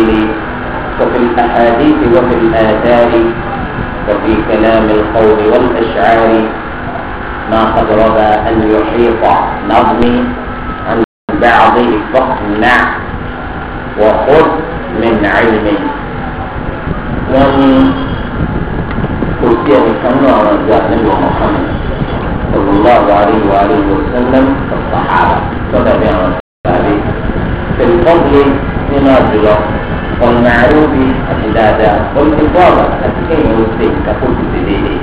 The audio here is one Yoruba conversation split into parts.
التأويل وفي الأحاديث وفي الآثار وفي كلام القول والأشعار ما قد ربى أن يحيط نظمي عن بعضه فاقنع وخذ من علمي ومن كرسي الحمد على النبي محمد صلى الله عليه وآله وسلم والصحابة صدق يا في الفضل لما جلوه والمعروف العبادة والإفاضة الشيء والسيء تقول بدليله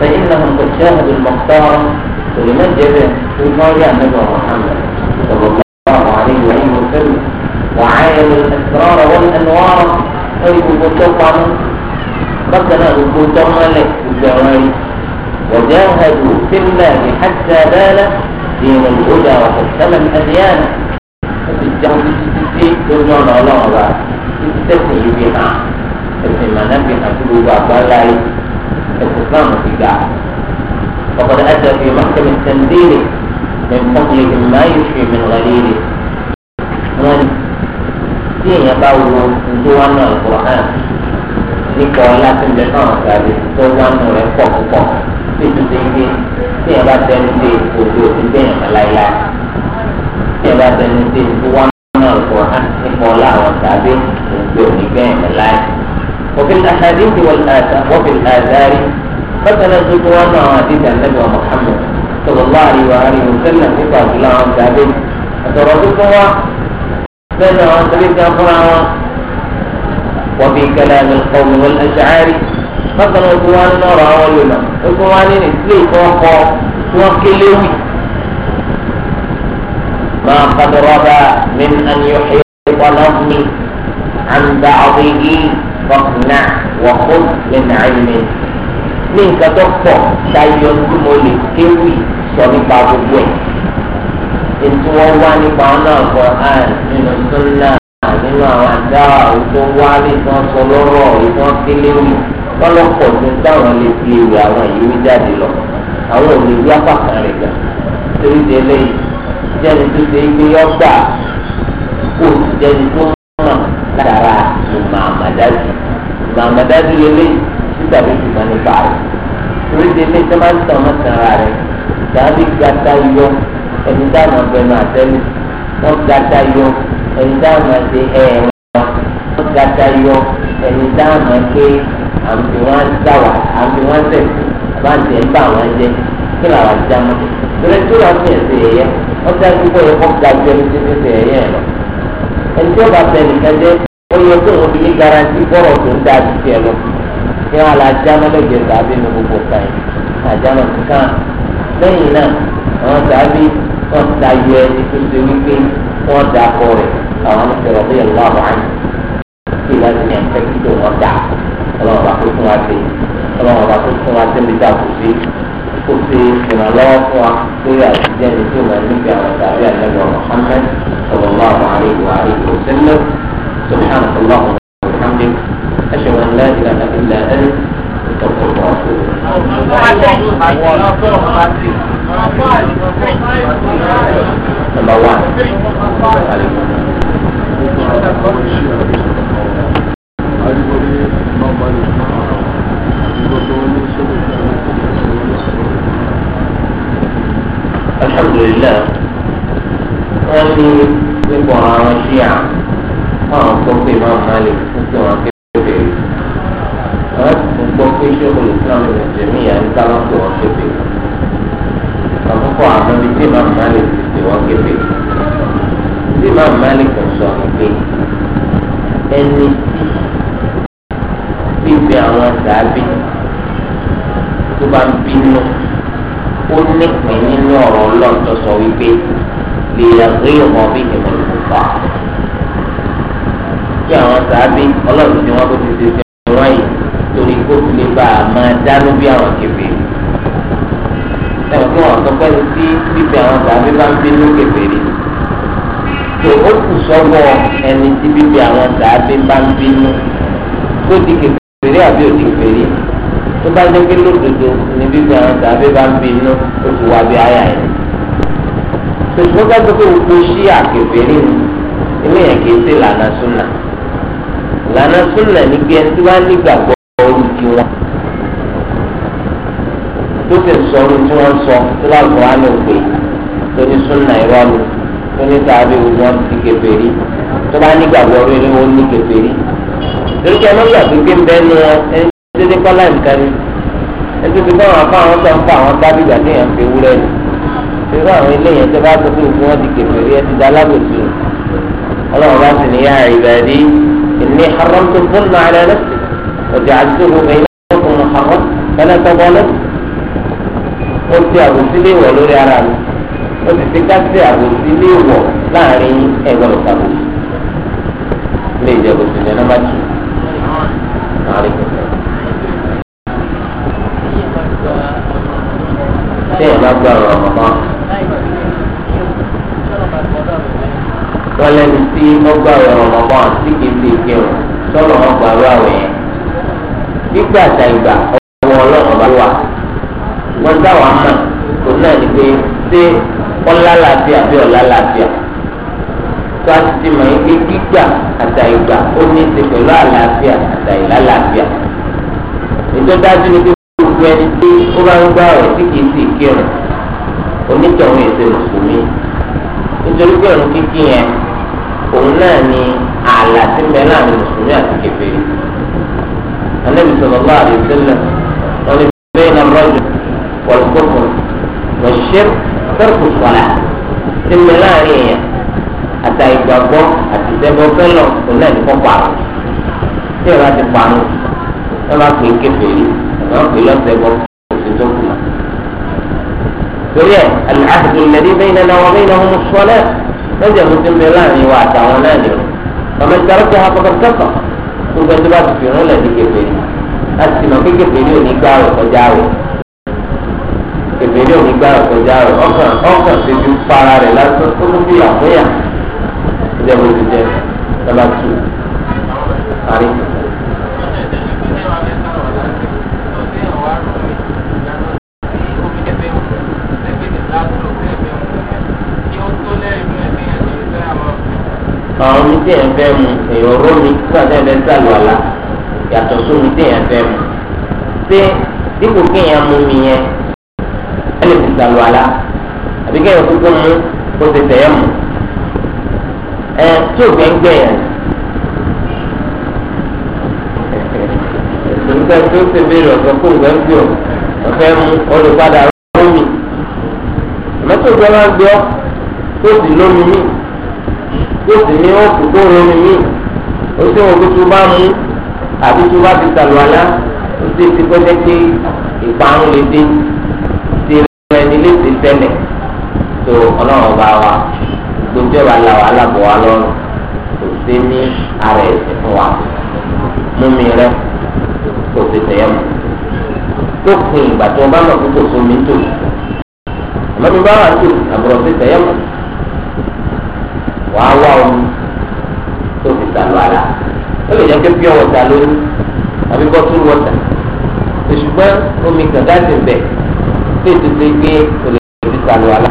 فإنهم قد شاهدوا المختار ولمن في وما النبي محمد صلى الله عليه وآله وسلم وعاينوا الأسرار والأنوار أيضا بالتوقع ربنا الكوثر ملك الجواري وجاهدوا في الله حتى بان دين الهدى وحسن الأديان في الجهل lójú ọ̀nà ọlọ́run bá títí tẹ̀sán yìí fi hàn ẹ̀sìn màná fi hàn fún gbogbo àgbáńlá yìí ẹ̀sìn islam ti gbà. ọ̀pọ̀ náà ẹ̀sìn fi máa kẹ́mi sẹ́ńdéèrè ní pọ́kìlì máa yóò fi mi rẹ̀ léèrè. wọ́n ní tí èèyàn bá wo ojú wa náà lọ́wọ́ hàn nípa ọlá tí ń bẹ náà tàbí tó wá nù rẹ̀ pọ̀ púpọ̀ tí ìtúndé ń gbé tí èèyàn bá tẹnu dé òdo òdìgbẹ́yàn láíláí tí èèyàn bá tẹnu dé tó wá القرآن مولاها والتعبير يؤمن بهم العين وفي الأحاديث والآثار وفي الآثار فتنزل وانا حديث النبي محمد صلى الله عليه وآله وسلم nípa ìlú àwọn tàbí àtọ̀rọ̀ tó fún wa lẹ́nu àwọn tàbí kan fúnra wọn wọ́n fi kẹlẹ́ àmì ọ̀hún wọn ẹ̀ṣáárì bákan náà tó wá nínú ọ̀rọ̀ àwọn olùmọ̀ ó fún wa nínú ìdílé ìfowópamọ́ tí wọ́n ké léwì. ما قد ربى من أن يحيط نظمي عن بعضه فاقنع وخذ من علمه ní nǹkan tó pọ̀ ṣáyọ tí mo lè kéwì sọ nípa gbogbo ẹ̀ ètò wọn wá nípa ọ̀nà ọ̀gbọ̀n àn nínú sọ́nà nínú àwọn àdá ètò wá lẹ́sàn sọ lọ́rọ̀ ìtàn kéléwì lọ́lọ́pọ̀ tó dáwọn lè fi èrè àwọn ìwé jáde lọ àwọn ò lè rẹ̀ gbà torí délé yìí jẹ́ni tó ṣe gbé yọ́gbà kò sì jẹ́ni tó mọ̀ ládàra ìmọ̀ àmàdájú ìmọ̀ àmàdájú lélẹ̀ síta bí ti máa nípa rẹ̀ torí ti ilé tó máa ń tàn máa tàn ara rẹ̀ tàbí gata yọ ẹni tá a máa bẹnu àtẹ́lẹ̀ wọ́n gata yọ ẹni tá a máa ṣe ẹ̀ẹ̀rẹ̀ wọ́n gata yọ ẹni tá a máa ké àmì wọn ń àmì wọn ń tẹ̀ ń bá wọn jẹ kí làwọn ajá mọ́ wọ́n dá sí bóyá kó ga ju ẹni títí tẹ̀ ẹ̀yẹ́ ẹ̀ lọ. ẹni tí ó bá bẹ nìkan jẹ́ ó yẹ kó òun yí garanti bọ́rọ̀ tó ń dá ju tiẹ̀ lọ. ní wọn la jáná lẹ́gbẹ̀ẹ́ sàbí ní gbogbo kan àjáná kan lẹ́yìn náà àwọn sàbí wọn ta yọ ẹni tó ṣe wípé wọn dà kọ rẹ̀ àwọn sọ̀rọ̀ bí ẹ̀ lọ́wọ́ àwọn kí láti ní ẹ̀fẹ́ kí ló wọn dà ọlọ́wọ́ bá kó fún wa sí ọlọ́wọ́ bá kó fún wa sí kò ṣe ìrànlọ́wọ́ fún wa lórí àtijọ́ ẹni tí ó máa níbi àwọn tàbí àlejò Muhammad sallallahu alayhi wa alihi wa sallam subhanahu wa ta'ala alhamdi ashhadu an la ilaha illa anta astaghfiruka wa atubu ilayk. Number one. alhamdulilayi wọ́n ní nípa àwọn ṣíà àwọn kọ́ pé máa máa lè fún pé wọ́n kébèrè àwọn ti gbọ́ pé ṣé olùsílámù ní jẹ̀míyà ń dáná pé wọ́n kébèrè àkọ́kọ́ àwọn ibi tí máa máa lè fi pé wọ́n kébèrè tí máa máa lè kàn sọ ní pé ẹni tí bíbẹ àwọn dàbí tó bá ń bínú ó nípìn nínú ọ̀rọ̀ ọlọ́run tó sọ wípé lè yàgbé ọmọ bí ìmọ̀ ìfọ̀fà. kí àwọn sàábí ọlọ́run tí wọ́n kó ti ṣe ṣe wọ́n yìí torí kó fi lè bá a máa dánú bí àwọn kẹfẹ́. ẹ̀wọ̀n kí wọ́n sọ pé tí bíbẹ̀ àwọn sàábí bá ń bínú kẹfẹ́ tó o kù sọ́wọ́ ẹni tí bíbẹ̀ àwọn sàábí bá ń bínú tó di kẹfẹ́ rí àbí òdì kẹfẹ́ tó bá jẹ́ pé lódodo ní bíbí àwọn tàbí bá ń bínú ó ti wá bí àyà yẹn. tòṣùpọ̀ bá gbọ́ pé gbogbo ṣí àkèbèrè inú yẹn kì í ṣe lànà súnà lànà súnà ní bí ẹni tí wọ́n á nígbàgbọ́ ooru ti wọn tó sì sọ ohun tí wọ́n sọ tó bá gbọ́ wọn òpè tó ní súnà ìrọ́lù tó ní tàbí wọn ti kèbèrè tó bá nígbàgbọ́ orí ni wọ́n ní kèbèrè lórí kí ẹ má gbàgbé pé ń bẹ́ẹ̀ nu ẹni dédé kọ́lá nìkan ni ẹtú ti kọ́ àwọn afọ àwọn tó ń fa àwọn tábì ìgbà tí èèyàn ń fi wúrẹ́ ni irú àwọn eléyìí tó bá tó tó fún wọn ti kẹfẹ́ rí ẹ ti dá alábòsí ọlọ́run bá sì ní yá ìbàdí ìní haram tó fún mi àlẹ́ rẹ̀ ọ̀dẹ̀ àdúgbò mi náà fún mi haram kẹ́lẹ́ tó bọ́ lẹ́sì ó ti àbòsí lé wọ̀ lórí ara mi ó sì ti ká sí àbòsí lé wọ̀ láàrin ẹgbẹ̀rún tàbí ilé ìjẹ́bù sílẹ̀ nọ́mbà tù. téèyàn bá gba ọ̀rọ̀ mọ́mọ́. wọ́n lẹ́nu tí wọ́n gba ọ̀rọ̀ mọ́mọ́ tí kì í fi kírun sọ̀rọ̀ wọn gba ọ̀rọ̀ àwẹ̀ yẹn. gbígbà àtà ìgbà ọwọ́ ọlọ́run bá wà. wọ́n dáwọ̀ àmà kò náà ní pé ṣé ọlá làbíà bí ọlá làbíà. tó ti mọ̀ yín pé gbígbà àtà ìgbà ó ní í pẹ̀lú àlàáfíà àtà ìlàlàáfíà. ètò dájú ni pé gbogbo ẹni tí ó bá ń gbá ọ̀rẹ́ tí kírun onítọ̀hún èsè mùsùlùmí nítorí pé òun kíkí yẹn òun náà ni ààlà tí ń bẹ láàrin mùsùlùmí àti kèfèrí Ànábì sallallahu alaihi wasallam wọn ni bẹ́ẹ̀ náà rọ́jò wọ̀lùkọ́kọ́ wọ̀ṣẹ́ fẹ́rẹ̀kù sọ̀lá tí ń bẹ láàrin yẹn àtà ìgbàgbọ́ àti ìdẹ́gbọ́ fẹ́lọ̀ òun náà ní kọ́ pààrọ̀ tí ìrọ̀ àti pààrọ̀ ẹ má pè é kèfèrí ẹ má pè é lọ́sẹ̀ gbọ́ òsì tó kù. اليوم العهد الذي بيننا وبينهم الصلاة فجر مثل بلاني وعدا ونادر فمن تركها فقد كفر ثم تبات في غلة كفر أسمى بكفريو نكار وفجاو كفريو نكار وفجاو أخرى أخرى في جوب فراري لا تسكن في أخيان جبل الجيش تبات سوء عريقا àwọn omi tí yẹn fẹ́ mu èèyàn ró mi tí wọ́n fẹ́ sàlù àlà yàtọ̀ sómi tí yẹn fẹ́ mu ṣé dípò kéèyàn mú mi yẹn ẹ lè fi sàlù àlà àbí kéèyàn kúkú mú kó ti tẹ̀yẹ̀ mu ẹ tí ò fẹ́ ń gbẹ̀yàn. nígbà tó ṣe béèrè ọ̀sán kó nǹkan ń gbé ọ ọ̀fẹ́ mu olùpadà rọ́ọ̀mì mọ́tò gbọ́dọ̀ gbé ọ tó sì lómi mí yóò sì ní ó kú tó rọrùn yìí ó sì wọn kó tó bá mú àbí tó bá fi sàlù àlá o sì ti pẹ́ pé ìparun lè dé ti rẹ ẹni lè ti ṣẹlẹ̀ tó ọlọ́run ọba wa gbogbo ẹ̀wà la wà lábọ̀ wa lọ́rùn kò sí ní ara ẹ̀sìn fún wa mú mi rẹ kò sì tẹ̀yẹ̀ mọ́ lópin ìgbà tí wọn bá lọ kó kò sómi tó àmọ́ mi bá wà tó àbúrò sí tẹ̀yẹ̀ mọ́ wàá wá omi tó fi sàlù àlà ó lè jẹ́ pé pure water ló ní àbí bottle water òṣùgbọ́n omi kànga ti bẹ̀ tó ètò tó gbé kò lè fi sàlù àlà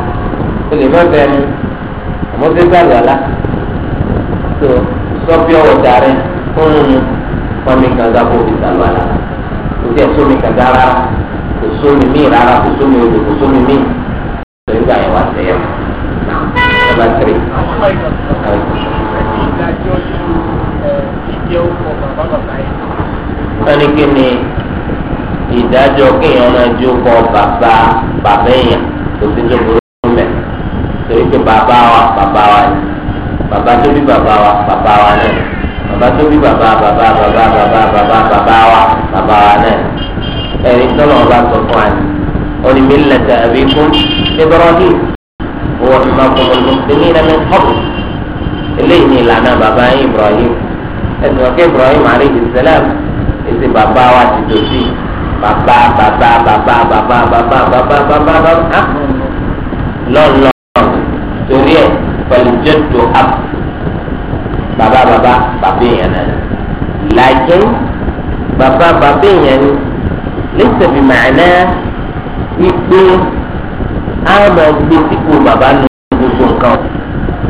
kò lè má bẹ́ẹ̀ mu àmọ́ tó sàlù àlà tó sọ pure water rẹ fún un omi kànga kò fi sàlù àlà kò tí ẹ̀ sómi kànga rárá kò sómi míì rárá kò sómi odò kò sómi míì lórí ìgbà yẹn number three. wọ́n ní kí ni ìdájọ́ kéèyàn máa jó kọ bàbá bàbá èèyàn kò sí tó burú mẹ́ torí pé bàbá wa bàbá wa ni bàbá tó bí bàbá wa bàbá wa náà bàbá tó bí bàbá bàbá bàbá bàbá bàbá bàbá wa bàbá wa náà ẹ̀rín tọ́lọ̀ ọba sọ fún wa ni onímìlẹ̀ tẹ̀ ẹ̀bí fún Ibrahim wọ́n ti máa kọ́ ọdún tèmi rẹ̀ mi kọ́ eléyìí ni ìlànà bàbá yín Ibrahim ẹ̀sìn ọ̀kẹ́ Ibrahim aleyhi salam èsì bàbá wa ti tò sí bàbá bàbá bàbá bàbá bàbá bàbá bàbá bàbá lọ́nlọ́ torí ẹ̀ pẹ̀lú jẹ́tò áp bàbá bàbá bàbá èèyàn náà làjẹ́ bàbá bàbá èèyàn ní lẹ́sẹ̀ bí màánà wípé á lọ gbé sípò bàbá nu gbogbo nǹkan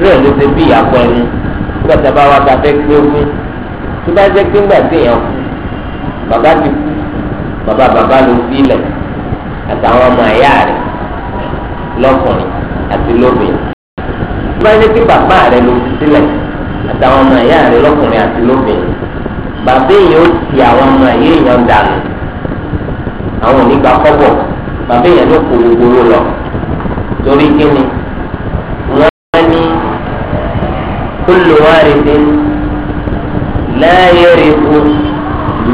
rẹ̀ ló ṣe bí ìyàpọ̀ ẹni nígbà tí a bá wá ta fẹ́ pé ogún tó bá jẹ́ pé ńgbà tí èèyàn kú bàbá ti kú bàbá bàbá ló fi ilẹ̀ àtàwọn ọmọ ẹ̀yà rẹ̀ lọ́kùnrin àti lóbìnrin tó bá jẹ́ pé bàbá rẹ̀ ló fi sílẹ̀ àtàwọn ọmọ ẹ̀yà rẹ̀ lọ́kùnrin àti lóbìnrin bàbá èèyàn ó ti àwọn ọmọ ẹ̀yà èèyàn dànù àwọn onígbà kọ́bọ̀ bàbá èèyàn ló kó gbogbo lọ torí kíni wọ́n ní kullu warithin la yarithu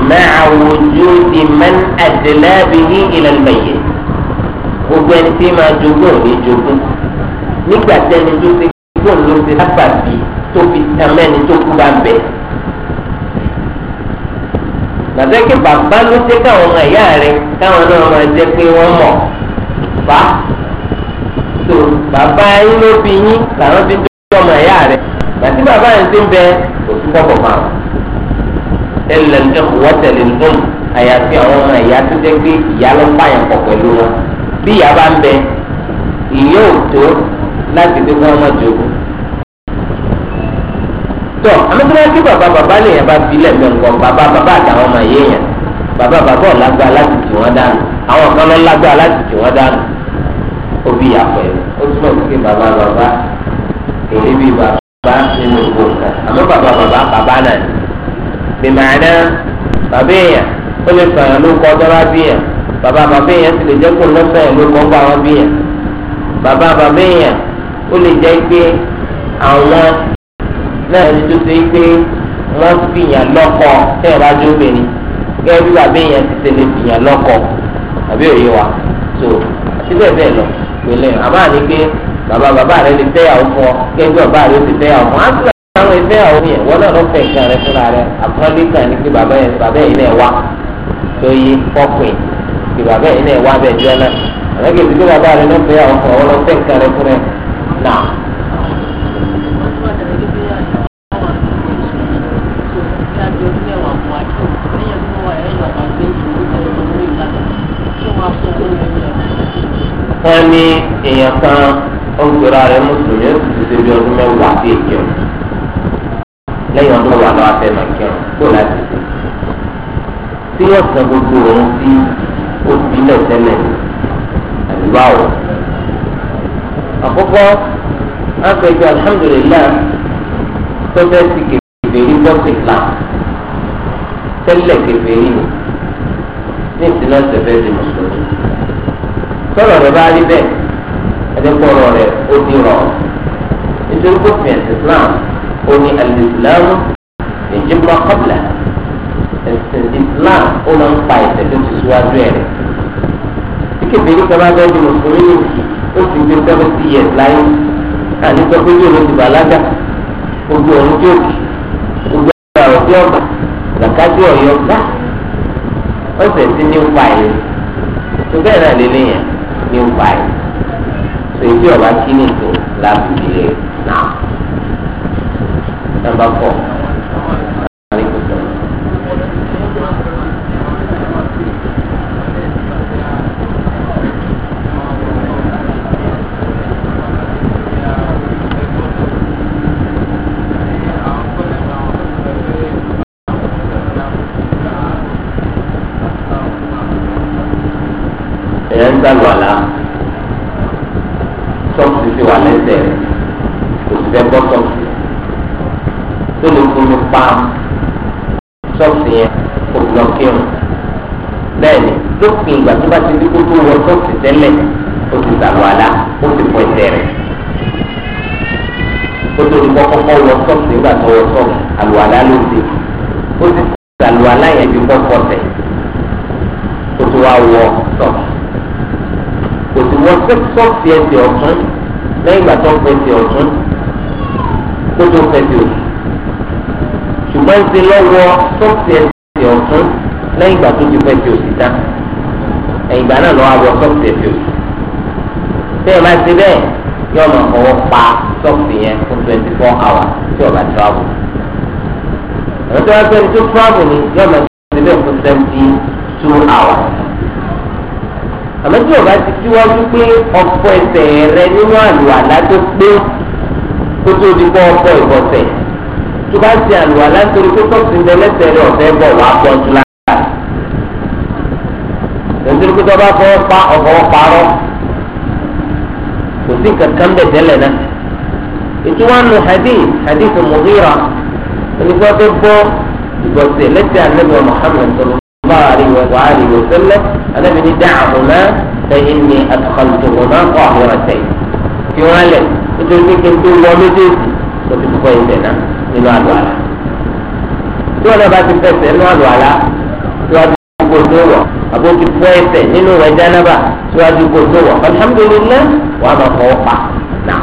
ma'a wujudi man adla bihi ila al-mayyit gbogbo ẹni tí máa jogún òní jogún nígbà tẹni tó ti gbọ́n ló ti lábàbí tó fi tamẹ́ni tó kú bá bẹ̀. gbàtẹ́kì bàbá ló dé káwọn ọmọ ìyá rẹ̀ káwọn náà máa jẹ́ pé wọ́n mọ̀ bá. so bàbá yín ló fi yín làwọn tó ọmọ ẹ̀yà rẹ̀ gbàtí bàbá yín ti ń bẹ òtú kọ́kọ́ máa wọ̀ ẹlẹ́n tẹ̀lé àyàfi àwọn ọmọ ẹ̀yà tó jẹ́ pé ìyá ló pọ̀ pẹ̀lú wọn bí ìyá bá ń bẹ ìyá ò tó láti dé fún ọmọ kí bàbá bàbá lè yẹn bá fi nǹkan ó túmọ̀ sí pé bàbá bàbá èyí bíi bàbá nínú gbogbo nǹkan àmọ́ bàbá bàbá bàbá náà ni bìmọ̀ọ́nà bàbá èèyàn ó lè sọ̀rọ̀ ló kọ́ dọ́rọ́ bí yẹn bàbá bàbá èèyàn sì lè jẹ́ kó lọ́sọ̀ yẹn ló kọ́ gbà wọ́n bí yẹn bàbá bàbá èèyàn ó lè jẹ́ pé àwọn náà ní tó ṣe pé wọ́n fìyàn lọ́kọ tẹ́ ẹ̀ bá obìnrin gẹ́gẹ́ bí bàbá èèyàn ti ṣe lè fìyàn lọ́kọ àbí òye wa tó. So, tí bẹ́ẹ̀ bẹ́ẹ̀ lọ pẹ̀lú àmọ́ àní pé bàbá bàbá rẹ lè fẹ́yàwó fún ọ gẹ́gẹ́ bàbá rẹ ti fẹ́yàwó fún ọ àwọn ẹgbẹ́ àwọn yẹn wọ́n náà lọ fẹ́ nǹkan rẹ fúnra rẹ àpọ́nlé ní kí bàbá yẹn bàbá yẹn náà wá lóye fọ́pìn kí bàbá yẹn náà wá bẹ́ẹ̀ jọ náà àlọ́ kìí bàbá rẹ náà àwọn wọ́n ní èèyàn kan ó ń gbéra rẹ̀ mùsùlùmí ó sì ti ṣe bí ọdún mẹ́wàá sí èkìọ́ lẹ́yìn ọdún mẹ́wàá lọ́wọ́ afẹ́ máa kírun kó láti ṣe tí yóò san gbogbo òun sí òbílẹ̀ tẹ́lẹ̀ àdúrà o. àkọ́kọ́ àpèjọ alhamdulilayi tọ́jà sí kèfèrí bọ́sì kan tẹ́lẹ̀ kèfèrí ní ìsinmi ọ̀sẹ̀ fẹ́ẹ́ di mùsùlùmí sọ̀rọ̀ rẹ̀ bá rí bẹ́ẹ̀ ẹ̀dẹ́kọ̀rọ̀ rẹ̀ ó di rọ̀ nítorí kó fi ẹ̀sìn Islam ó ní alìsìlámù ìjìmọ̀ kọ́bìlà ẹ̀sìn Islam ó máa ń pa ẹ̀sẹ̀ tó ti síwájú ẹ̀ rẹ̀ kíkébé ní kaba bẹ́ẹ̀ di mùsùlùmí nìyí ó ti gbé seventy years láyé àní sọ pé yóò ló ti bàlágà gbogbo ọ̀run tí ó kì gbogbo ọ̀rọ̀ tí ó bà làkàtì ọ̀yọ́ gbà ọ̀sẹ̀ tí ní ń pa ẹ̀ tó bẹ́ẹ̀ náà lélẹ́yìn báyìí so èyí tí ọba kí nìkan láti ilé náà nàmbà fọ. ti wá wọ sọ̀bà kò sì wọ sọ́ọ̀sì ẹsẹ̀ ọ̀tún lẹ́yìn ìgbà tó ń fẹsẹ̀ ọ̀tún kó tó fẹsẹ̀ òsì ṣùgbọ́n ti lọ́wọ́ sọ́ọ̀sì ẹsẹ̀ ọ̀tún lẹ́yìn ìgbà tó ti fẹsẹ̀ òsì dá ẹ̀yìn ìgbà náà lọ́wọ́ wọ sọ́ọ̀sì ẹsẹ̀ òsì bẹ́ẹ̀ máa ti bẹ́ẹ̀ yọ ọmọ ọwọ́ pa sọ́ọ̀sì yẹn fún twenty four hours tí ọba travel àwọn tó wá pẹ́ẹ́ni tó travel ni yọ ọmọ ti bẹ́ẹ̀ fún seventy two hours àmọ́ tí o bá ti síwájú pé ọ̀pọ̀ ẹsẹ̀ rẹ nínú àlùwàlá tó pé kó tó di bọ́ ọ̀pọ̀ ìbọ̀sẹ̀ tó bá ti àlùwàlá torí pé tọ́sí ń bẹ lẹ́sẹ̀ rẹ ọ̀fẹ́ bọ̀ wá bọ̀ jù lára nítorí pé tó bá fọ́ pa ọ̀fọ̀ parọ́ kò sí kankan bẹ̀ tẹ́lẹ̀ náà ìtura nu hadith hadith Mughira onígbà tó bọ́ ìbọ̀sẹ̀ lẹ́sẹ̀ àlẹ́ bọ̀ Muhammad sọ̀rọ̀ عليه وآله وسلم أنا من دعهما فإني أدخلتهما طاهرتين في ولد nítorí pé kí n tó wọ méjèèjì tó fi kọ́ ibẹ̀ náà nínú àlọ́ àlá. tí wọn náà bá ti fẹsẹ̀ nínú àlọ́ àlá síwájú gbogbo tó wọ̀ àbó ti fọ́ ẹsẹ̀ nínú rẹ̀ jánábà síwájú gbogbo tó wọ̀ alhamdulillah wàá máa fọwọ́ pa náà.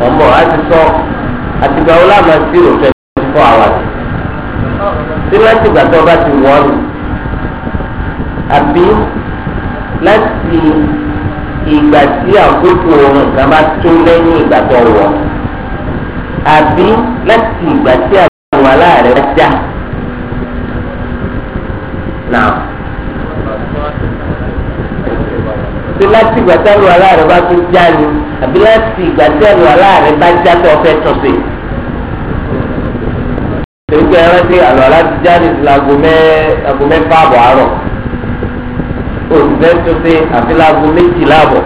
wọ́n bọ̀ á ti sọ àtìgbà wo láàmú zero twenty four hours tí láti ìgbà tó o bá ti wọ́n ni àbí láti ìgbà tí àkókò oorun kan bá tó lẹ́yìn ìgbà tó wọ̀ àbí láti ìgbà tí àwọn aláàrẹ̀ bá já. Now, tí láti ìgbà tí àwọn aláàrẹ̀ bá tó já ni àbí láti ìgbà tí ẹ̀rù aláàrẹ bá já tó ọfẹ́ tún sí. Èyíkẹ́ ẹ rántí àlọ́ láti já ní aago mẹ́fà àbọ̀ àárọ̀. Òṣìṣẹ́ tún sí àfi láago méjìlá àbọ̀.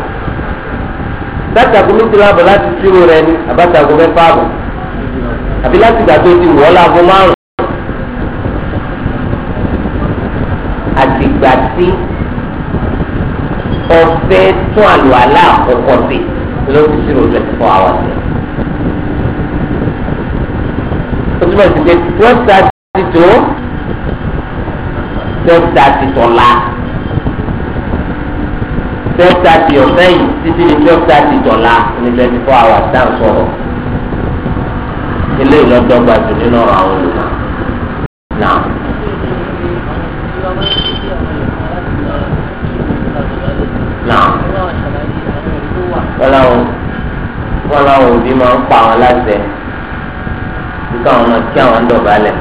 Láti aago méjìlá àbọ̀ láti ṣírò rẹ ní àbáta aago mẹ́fà àbọ̀. Àbí láti ìgbà tó ti wọ́ láago márùn-ún. Àtìgbà tí ọfẹ́ tún àlọ́ àlá àkọ́kọ́ sí lórí zero twenty four hours. ó túbọ̀ sí pé twelve thirty tó twelve thirty tọ̀la twelve thirty ọ̀sẹ̀ yìí títí di twelve thirty tọ̀la ní twenty four hours tá à sọ̀rọ̀ eléyìí lọ́dọ́gba jù nínú ọ̀rọ̀ àwọn olùkọ́ náà. wọn làwọn òbí máa ń pa àwọn láṣẹ kíkọ àwọn ọmọ kí àwọn ń dọ̀bálẹ̀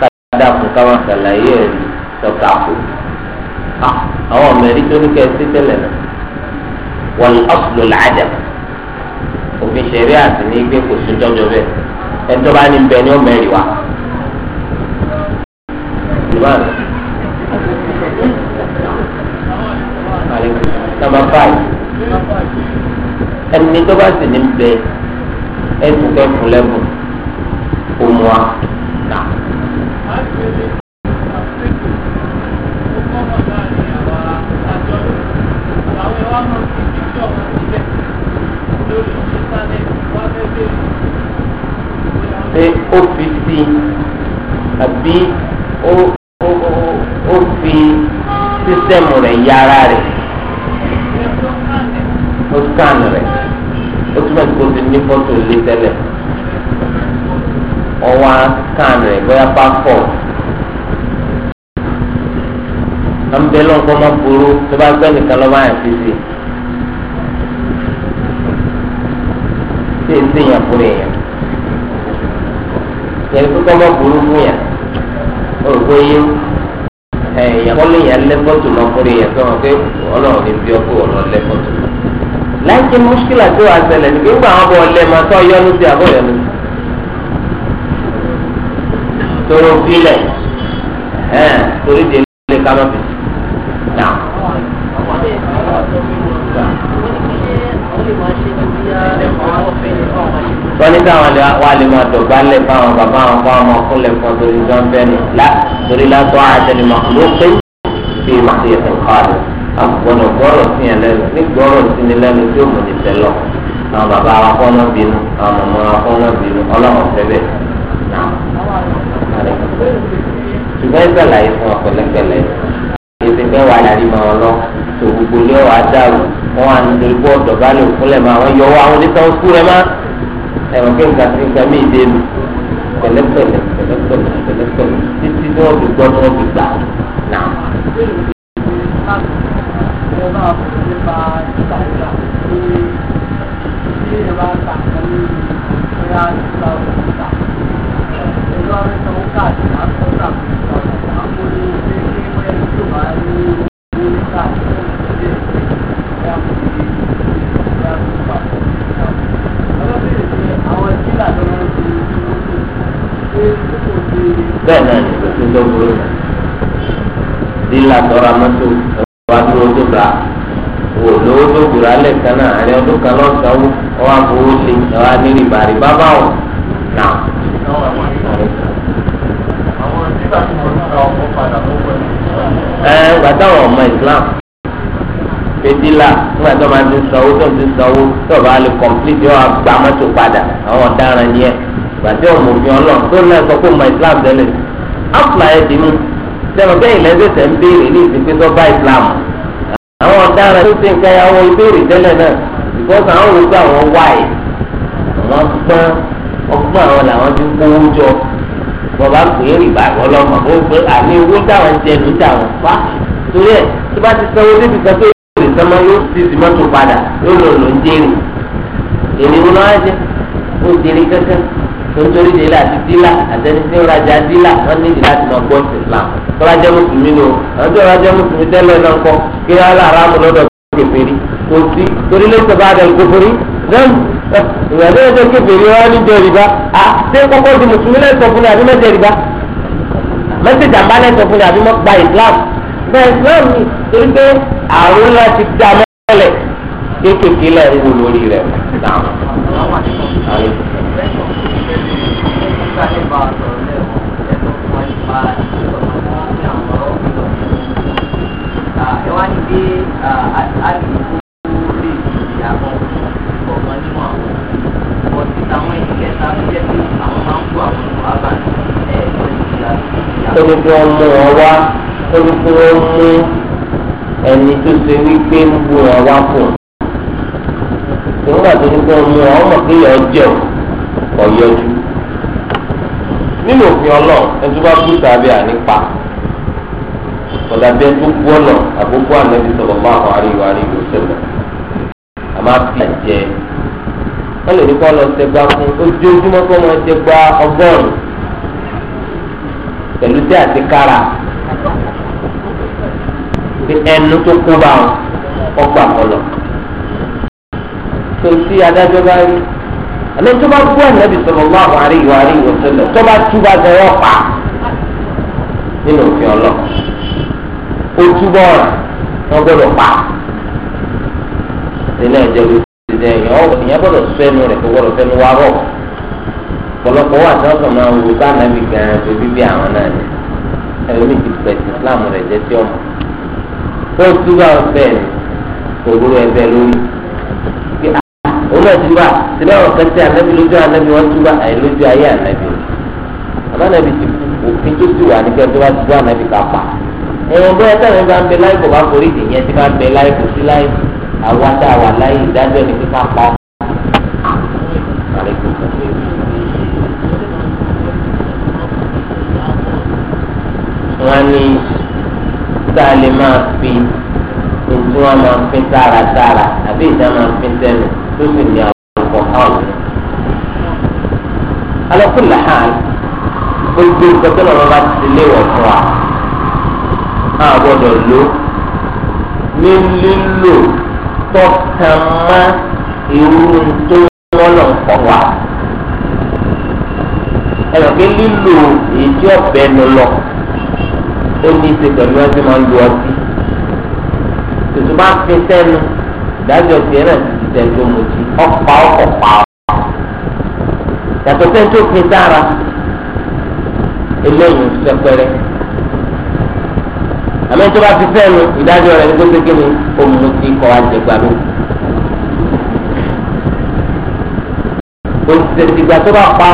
kádàkùn káwọn sàlàyé ẹ̀rí tọ́kàkù àwọn ọmọ ẹ̀rí tó ní kẹ́ ẹ sí tẹ́lẹ̀ náà wọ́n ọ̀sùlù làájà òfin ṣẹ̀rí àti ní gbé kò sí jọjọ bẹ́ẹ̀ ẹjọ́ bá ní bẹ́ẹ̀ ni ó mẹ́rin wá. Number five ẹni tó bá sì ní bẹ ẹtù kẹfù lẹ́bùn kò mú wa nà. ṣé ó fi sí àbí ó ó fi sísẹ́mù rẹ̀ yára rẹ̀ ó ó túmọ̀ sí kó ti ní fọ́tò ilé tẹ́lẹ̀ ọwọ́ scan rẹ̀ bóyá passport àmbẹ́ lọ́nkọ́ máa burú tó bá gbẹ́ nìkan lọ́wọ́ àyàn ti sè tí èsì èèyàn fún èèyàn yẹn tó kọ́ máa burú fún yàn òrùkọ́ yé ẹ̀yàn kọ́ lè yàn lẹ́fọ́tò lọ́kùnrin yẹn tó wọn pé ọlọ́run ní bí ọkọ̀ ọ̀rọ̀ lẹ́fọ́tò lọ́kùnrin láìsí mùsùlùmí tó wà ṣẹlẹ̀ nígbà ńgbà wọn bọ̀ ọlẹ́ máa tọ́ yọnu sí àbọ̀ yọnu sí. toro filẹ̀ ẹ̀ torí di ilé kámọ́ fi. wọ́n ní táwọn wà lè máa dọ̀gba lẹ̀ fáwọn bàbá àwọn fáwọn ọmọkùnrin kan torí dán bẹ́ẹ̀ ni torí látọ̀ àtẹnumọ̀ ló pé fi màsí ẹ̀sìn kọ́ àdùn àgbọ̀nà gbọ́rọ̀ sí yẹn lẹ́nu ní gbọ́rọ̀ sí ni lẹ́nu tí òun ti tẹ̀ lọ àwọn bàbá wa kọ́ náà bínú àwọn màmá wa kọ́ náà bínú ọlọ́run fẹ́ bẹ́ẹ̀ náà. ṣùgbọ́n ìṣàlàyé fún ọ̀pẹ̀lẹ̀pẹ̀lẹ̀ ètò ìgbẹ́ wa yàrá ìmọ̀ ọ̀lọ́ tó gbogbo ilé wa dàrú wọn wà ní ìlú ọ̀dọ̀ bá lè fúnlẹ̀ mọ́ àwọn yọ wọ àwọn oníṣẹ́ òkú rẹ̀ má ẹ̀rọ pé nǹkan ti nǹkan mí ìdè mi pẹ̀lẹ́pẹ̀lẹ̀ pẹ̀lẹ́pẹ̀lẹ̀ pẹ̀lẹ́pẹ̀lẹ̀ títí tí wọ́n fi gbọ́ tí wọ́n fi gbà náà náà nípa ìtajà pé tí ìwà àgbà kan ní ìrora ìgbà òkúta ẹ̀rọ àrẹ́sàn ó káàdì àkọ́tà àpò ní ilé ní ìwé tó wà ní ìwé níta ilé ìgbà òkúta ìgbà òkúta. ọlọ́bìnrin ni àwọn jílà lọ́wọ́ ti ní ìwé pé kókò ti. bẹ́ẹ̀ náà ni kò sí lọ́wọ́ rẹ̀ dílà tọ́ra mọ́tò. àrí bábá ò nà. ẹ gbà táwọn ọmọ Islam fedila nígbà tó máa ti sanwó tó ti sanwó tó bá lè complete yọ àgbà mọ́tò padà àwọn ọ̀daràn ni ẹ gbà tí òun òfin ọlọ́run tó náà sọ pé ọmọ Islam tẹ́lẹ̀ áfùlà ẹ̀ dì mú sẹ́nu bẹ́ẹ̀ lẹ́sẹ̀sẹ̀ ń béèrè ní ìsìnkú bá Islam àwọn ọ̀daràn tó ti ń kẹ́yàwó ìbéèrè tẹ́lẹ̀ náà because àwọn olùkọ́ àwọn wáyé wọ́n gbọ́ ọgbọ́n àwọn làwọn ti kówó jọ bọ̀bá pè é rìbá ìwọlọ́mọ ó gbé àní owó táwọn jẹ ló táwọn pa torí ẹ̀ tó bá ti sanwó débi kan tó yẹ lè sanwó yóò ti di mọ́tò padà yóò lò ló ń jèrè èrè wọn náà jẹ ó jèrè kankan nítorí délé àti dílà àtẹni tí ó rajà dílà wọn nídìí láti máa gbọ́ Islam tó rajà mùsùlùmí lò àwọn tó rajà mùsùlùmí tẹ́lẹ̀ náà kọ́ kí wọ́n á lọ àrà mú lọ́dọ̀ kékeré kò sí torí lè sọ bá dẹ̀ lẹ́nu ìyàlẹ́ ẹjọ́ kébèrè wa ní jẹ̀rìbá à ṣé kọ́kọ́ di mùsùlùmí lẹ́sọ̀ fún mi àbí mẹ́ jẹ̀rìbá mẹ́sì jàmbá lẹ́sọ̀ fún mi àbí mọ́ gba islam gba islam torí pé àrùn láti dá mọ́lẹ̀ kéékèèké lẹ́rú wò lórí rẹ̀ ó ní kí wọ́n mú wọn wá ó ní kí wọ́n mú ẹni tó ṣe wípé ń bu wọn wá fún un. ìgbà tó ní kí wọ́n mú wọn ọmọ pé yọ jẹ́ ọ̀ yọjú. nínú òfin ọlọ́run ẹni tó bá kú tàbí ànípa ọ̀làbí ẹni tó kú ọ̀nà àkókò ànábi sọ̀rọ̀ máa hàn àríwá àríwá sọ̀rọ̀ àmọ́ àti àjẹ́ wọ́n lè ní kí wọ́n lọ sẹ́gbà fún ojoojúmọ́ kí wọ́n máa jẹ ọgọ́rùn-ún pẹ̀lú sí àtikára ẹnu tó kú bá wọn ọgbà kọlọ tó sí adájọ́ bá rí àlọ́ tó bá gbọ́ ànábì sallallahu alaihi wa alihi wa sallam tó bá túbà gẹ̀rẹ́ ọ̀pá nínú òfin ọlọ́ ó túbọ̀ ọ̀ràn wọ́n gbọ́dọ̀ pa nínú ẹ̀jẹ̀ ló ti dẹ̀ èèyàn gbọ́dọ̀ sọ ẹnu rẹ̀ kó gbọ́dọ̀ fẹ́nu wá rọ̀ ọ̀pọ̀lọpọ̀ wà tí wọ́n kàn máa wo bá nàbì gan-an tó bíbí àwọn náà ni ẹlòmíì ti pẹ̀sì islam rẹ̀ jẹ́ sí ọmọ tó túbà ọ̀fẹ́ òwúrọ̀ ẹ̀fẹ́ lórí ah, òun náà túbà síbẹ̀ àwọn kan tí ànábì lójú ànábì wọ́n túbà àìlójú ayé ànábì àmọ́ ànábì ti òfin tó sì wà nígbà tó bá túbà ànábì ká pa ẹ̀wọ̀n bóyá táwọn bá ń bẹ láì bá forí ìdè yẹn ti bá ń bẹ láì sí láì àwa tá a wà láì ìdájọ́ ni pa ọ́ sáradára àbí ìdáná píntẹ́nù tó sì ní àwọn ọ̀hún. alákùnlé hàn gbogbo ìtọ́jú lọ́wọ́ bá ti lé wọ̀ fún wa a gbọ́dọ̀ lò ní lílò tọ́kànmá irú tó wọ́n lọ kọ́ wa. ẹ̀rọ èyí tí ọ̀bẹ nu lọ ó ní í ṣe pẹ̀lú ẹni máa ń lo ọtí tòtò bá fi sẹ́nu ìdájọ́ tiẹ̀ náà ti tẹ̀ tó mo ti ọ̀pá ọ̀pá yàtọ̀ sẹ́ni tó fi sára eléyìí sẹpẹrẹ àmọ́ tó bá fi sẹ́nu ìdájọ́ rẹ̀ ní kó tẹ́kẹ́ ni òun ti kọ́ àjẹgbà mi. òtítìgbà tó bá pa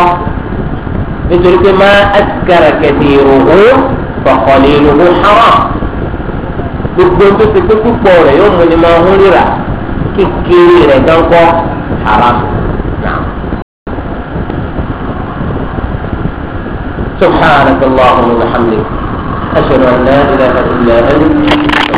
nítorí pé má àtìkárà kẹ̀tì ìròhó fọ̀kànlélógún haram. gbogbo tó ti pé púpọ̀ rẹ̀ yóò mú ni máa hún ríra kékeré rẹ̀ gánkọ́ haram. سبحانك اللهم وبحمدك أشهد أن لا إله إلا أنت